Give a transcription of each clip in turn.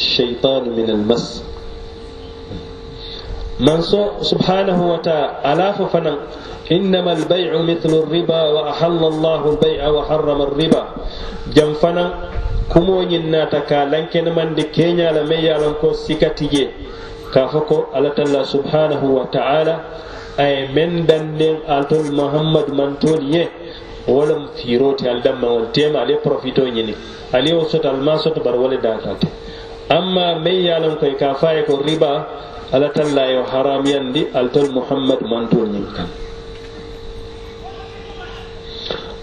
الشيطان من المس من سبحانه وتعالى فنا إنما البيع مثل الربا وأحل الله البيع وحرم الربا جم فنا كمو يناتك لنكن من دكينا لمي يالنكو سكتي كافكو على الله سبحانه وتعالى أي من دندن ألتول محمد من تولي ولم في روتي ألدم وانتيم عليه بروفيتو يني عليه وسط الماسط بروالي داتاتي amma mey yalon koye ka faye ko riba ala talla yo haramiyandi altol muhammadu mantuo ñin kan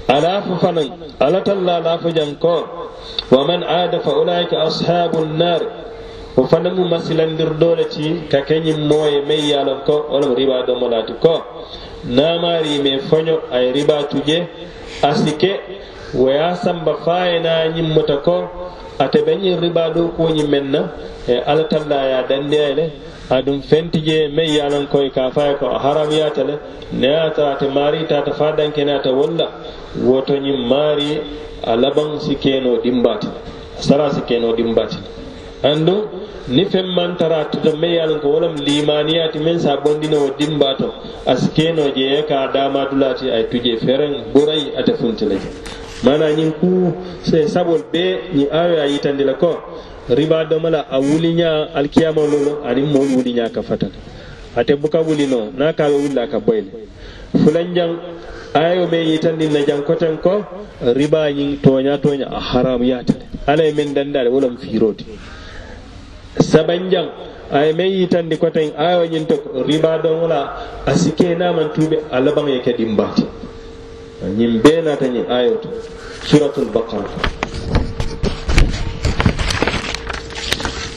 alafo fanan ala talla lafo janko wa man ada fa ulaika ashabu nnar o fanamu masilandir dole ti ka keñin moye mey yalon ko olom riba domolati ko namari me foño ay riba tuje asike waya samba fayena ñimmota ko ate ɓen in riba ɗo koñi men na e ala talla ya dandiya le aɗum fentije men yalankoye ka faya ko a haramyata le ne ata ate maari tata fa dankene ata walla wotoñin maari a laban sikeno ɗimbati a sara sikeno ɗimbati andu ni fen man tara tuto me yalan ko wolam limaniyati men sa bondino wo dimba to asikeno je ka dama dulati ay tuje feren buray ata funtile je mana ñin ku sabol be ñi ayo a yitandi la ko riba domala a wuliña alkiyama lolo aniŋ moolu wuliña ka fatala ate buka wuli no na ka be wulla ka boyle fulanjang ayo me yitandi na jang koten ko riba ñin toña toña a haram yatale alaye men dandale wolam firoti sabanjang aye me yitandi koten ayo ñin to riba domala a sike na man tuɓe a labaŋ ye ke dimbati ñin bee naata ñin ayota suratul baqara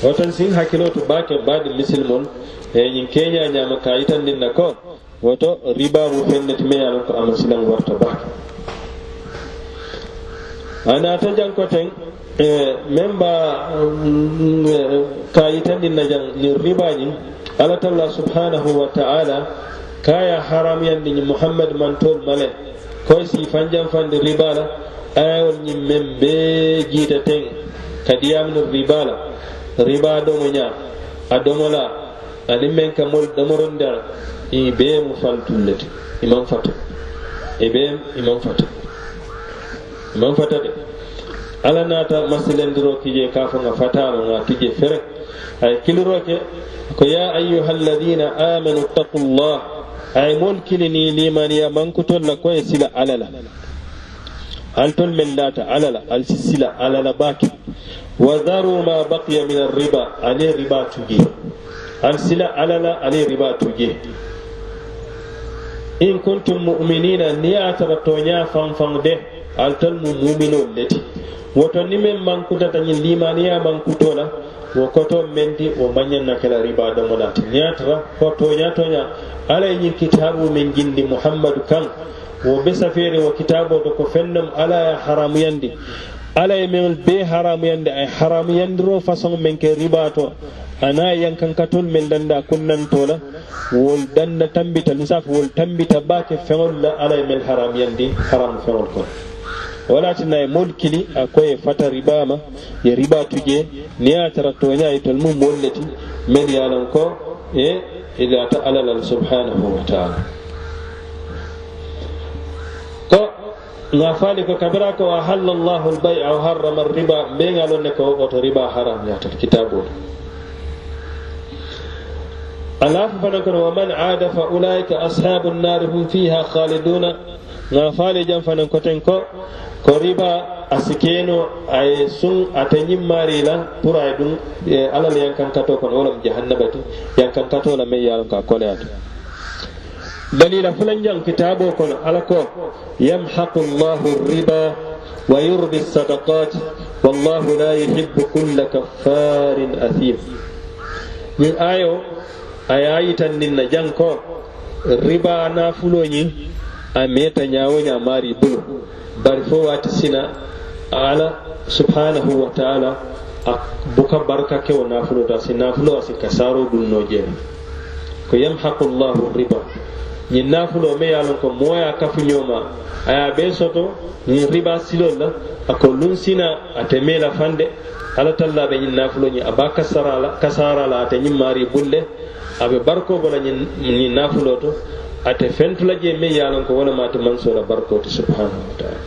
woton sin hakkiloto baake baadi misilmol e eh, ñin keña ñama ka yitandin na ko woto riba ribabu fenneti me ko ama silan warta baake ana ta janko ten meŋ ba ka yitandin na jan ñin ribañin alatalla subhanahu wa taala kaya haram haramuyandi ñin muhammad mantol male hoysi fanjam fande ribala ayawol ñim men be jiita ten kadi yamno ribala riba domo ña a domola ani men ka mol domorondea i be mo faltullete iman fato e ɓe iman fato iman fatade ala nata masilendiro kije kafoga fatano ga tije fere ay kiliroke ko ya ayuha alladina amanu taqullah ay moolu kilini limaniya mankutol la ko ye sila alala la al tol men data alala la al sila alala la baake wa dharu ma baqiya min arriba ale riba tuge al sila ala la ale riba tuge in kuntum mu'minina ni ye a tara toña fanfaŋ de al tol mu muminol le ti woto ni meŋ mankutata ñiŋ limaniya mankuto la wo koto mendi wo mañan na kela riba domo lati ñatara ko toña toña ala ye ñin kitabu min jindi muhammadu kan wo be safere wo kitabo do ko fennam ala ya yandi. ala ye men be yandi ay haramuyandiro façon men ke riba to ana yankankatol men danda kunnantola wol danda tambita misaf wol tambita ba feŋol la ala ye men yandi, haram feŋol kono wala tinna e molkili akoye fata ribama ya riba tuje niya tara toñayi tol mum wolleti men ya lan ko e ta alal subhanahu wa taala ko nga fali ko kabira ko ahalla albay'a wa o harrama riba be mbegalon ne ko o to riba haram ya ta yatat kitabol fa fana wa man 'ada fa ulaika ashabun nar hum fiha khalidun nga faale jam fanan koten ko ko riba a sikeeno aye sun ate ñimmaari la pour aye ɗum e alal yankankato kono wolam jahannabati yankankato la mai yalon ka koleyato dalila fulan jang kitabo kono ala ko yamhaqu llahu riba wa yurbi sadaqat wallahu la yuhibu kulla kaffarin athim min ayo aye ayitanninna jang ko riba nafulo ñin a meta ñawoña maari bulu bari fo waati sina ala subhanahu wa taala a buka barka kewo nafulo to asi nafulo asi ka saro dunno jeena ko yamhaqu llahu riba ñin nafulo me ye lon ko mooya kafuñoma aya ɓe soto ñin riba silol la ako lun sina ate mela fande ala tallaɓe ñin nafulo ñi aba kasarala kasarala ate ñin maari bulle aɓe barkogola ñin nafulo to ate fentula je meŋ yalon ko wona mate mansoo la subhanahu wa taala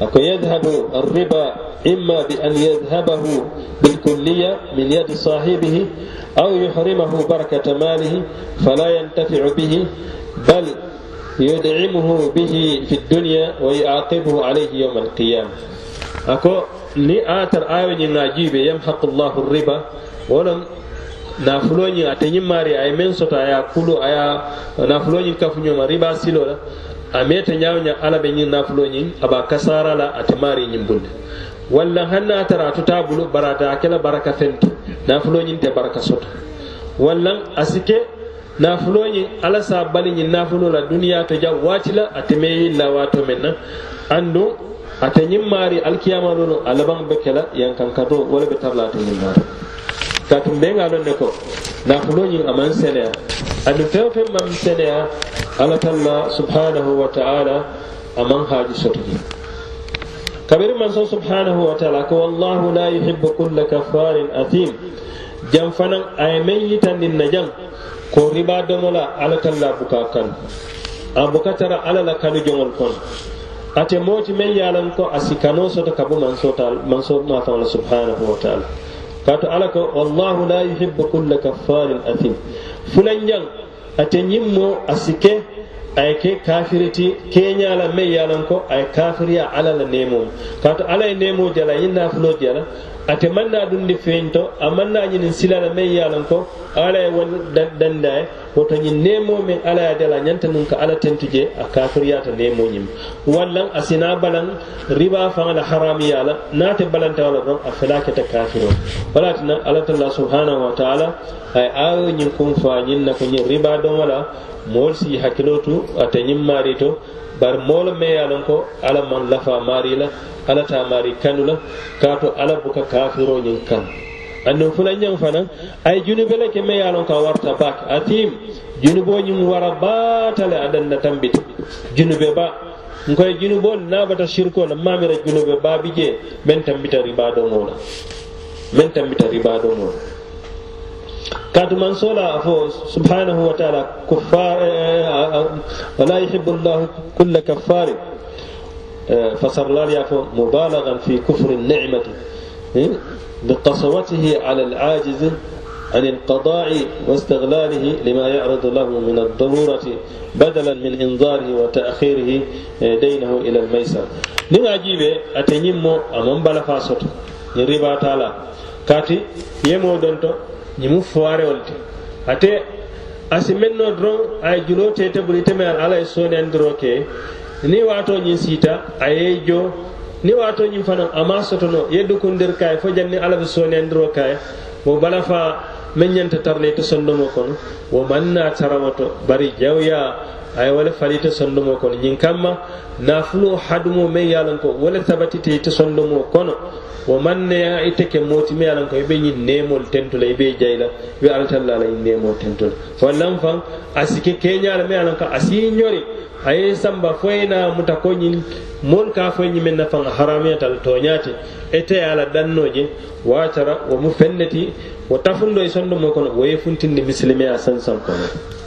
ako yadhabu arriba imma bi an yadhhabahu bil bilkulliya min yadi sahibihi aw yuhrimahu barakata malihi fala yantafi'u bihi bal yud'imuhu bihi fi dunya wa yuaqibuhu alayhi yawm al qiyam ako ni atar ayo ñiŋa jiibe yamhaqu llahu riba wo loŋ nafuloñin ate ñiŋ maari a ye meŋ soto a ye a kulu a ye nafuloñin kafuñoma riba silo la a meta ñawo ña ala be ñiŋ nafuloñiŋ a be kasara la ate maari ñiŋ bunde walla hanna tara a tuta bulu bara a ke la baraka fenti nafuloñiŋ te baraka soto walla a si ke nafuloñiŋ ala sa bali ñiŋ nafulo la duniya to jaŋ waati la ate me la waato meŋ na anduŋ ate ñiŋ maari alikiyama lolu a labaŋ be ke la yankankato wala be tarla la ate ñiŋ maari ka tun be ŋa ne ko naafulo ñiŋ a maŋ seneya aniŋ feŋ feŋ maŋ seneya alla talla subhanahu wa taala a haji haaji kabir man so subhanahu wa taala ko wallahu la yuhibbu kull kafarin athim jam fanan a ye meŋ yitandin na jaŋ ko riba domola alla talla buka kan a buka tara la kanu joŋol kon ate moti men yalan a ko a sikanoo sota ka bo manso mafaŋo subhanahu wa taala kato alaka wallahu la yuhibbu kulla kaffarin athim fulan jang ate ñimmo a ke kafiriti keñala me yalan ko ay kafiriya ala nemo kato alay nemo jala ñin fulo jala ate manna ɗum ndi feñto a manna ñinin silana may yalan ko ala e won danda e woto ñin nemo men ala ya e dela ñanta nun ka ala tentuje a kafiryata nemo ñim wallan a sina balan riba fangala harami yala nate balantawala ɗon a felaketa kafiro walatina ala talla subhanahu wa taala ay awo ñin kum fa ñin na ko ñin riba don wala mool si hakkilo tu ate ñim mari to bari moolu me ye lanko ala ko lafa maŋ maari la ala ta maari kanu la ka to alla buka kafiroo ñiŋ kan. anniŋ fulanñaŋ fanaŋ a ay junibe le ke me ye lanko warta ko a warata baake atiim junuboo ñiŋ wara baata le a danna tambiti junube ba nkoye junuboolu na bata sirikoo la maamira junube baa bi jee meŋ tambita ribaa domoo la meŋ tambita ribaa domoo la كادمان سولا فو سبحانه وتعالى كفار آه، آه، آه، ولا يحب الله كل كفار فصار لا مبالغا في كفر النعمة إيه؟ بقسوته على العاجز عن القضاء واستغلاله لما يعرض له من الضرورة بدلا من إنظاره وتأخيره دينه إلى الميسر لما أجيب أتنمو أمام بلا فاسد يريبا تعالى kati yemo don to ñimu foire olte ate asi men no dron ay julo te te buri te mer alay soni andro ke ni wato ñi sita aye jo ni wato ñi fana ama sotono yeddu kun der kay fo janni alabi soni andro kay bo bala fa men ñanta tarne to sondo mo kono wo manna taramato bari jawya ay wala falita sondo mo kono ñin kamma nafulu hadumo men yalan ko wala tabati te te sondo mo kono wo manneya ite ke mootime alanko ibe ñin nemol tentola ibe jayla ibe altalla ala i nemol tentola fo lan fan asike keñala me alanko asi ñori aye samba foyna muta ko ñin mol ka foy ñimen na fan haramiyatal toñate ete ala danno je watara wo mu fenneti wo tafundo e sondo mo kono woye funtinde misilimea sansan kono